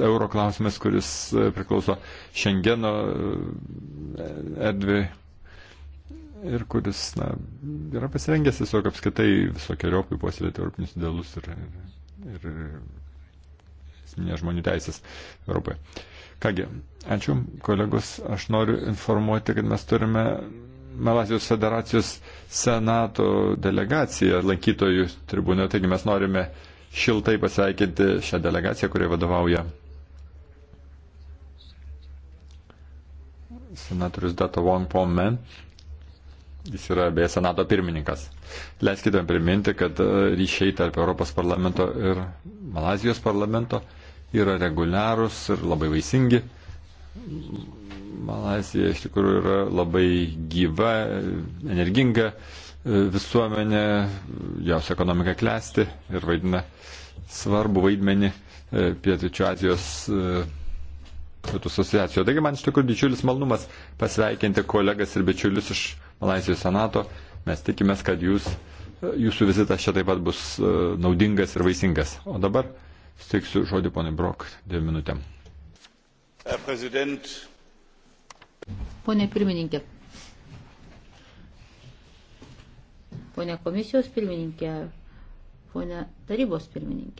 euro klausimais, kuris e, priklauso Šengeno erdvė ir kuris na, yra pasirengęs tiesiog apskaitai visokiojopai puoselėti europinius idealus ir, ir, ir esminės žmonių teisės Europoje. Kągi, ačiū kolegos, aš noriu informuoti, kad mes turime Malasijos federacijos senato delegaciją lankytojų tribūnoje, taigi mes norime šiltai pasveikinti šią delegaciją, kuriai vadovauja senatorius Dato Wong Pomen. Jis yra beje senato pirmininkas. Leiskite priminti, kad e, ryšiai tarp Europos parlamento ir Malazijos parlamento yra reguliarūs ir labai vaisingi Malazija iš tikrųjų yra labai gyva, energinga e, visuomenė, jos ekonomika klesti ir vaidina svarbu vaidmenį e, Pietričio Azijos e, Pietų asociacijoje. Taigi man iš tikrųjų didžiulis malnumas pasveikinti kolegas ir bičiulius iš Malazijos senato. Mes tikimės, kad jūs, jūsų vizitas čia taip pat bus naudingas ir vaisingas. O dabar steiksiu žodį ponui Brok dviem minutėm. Herr Präsident, Pone pirmininkė. Pone komisijos pirmininkė. Pone tarybos pirmininkė.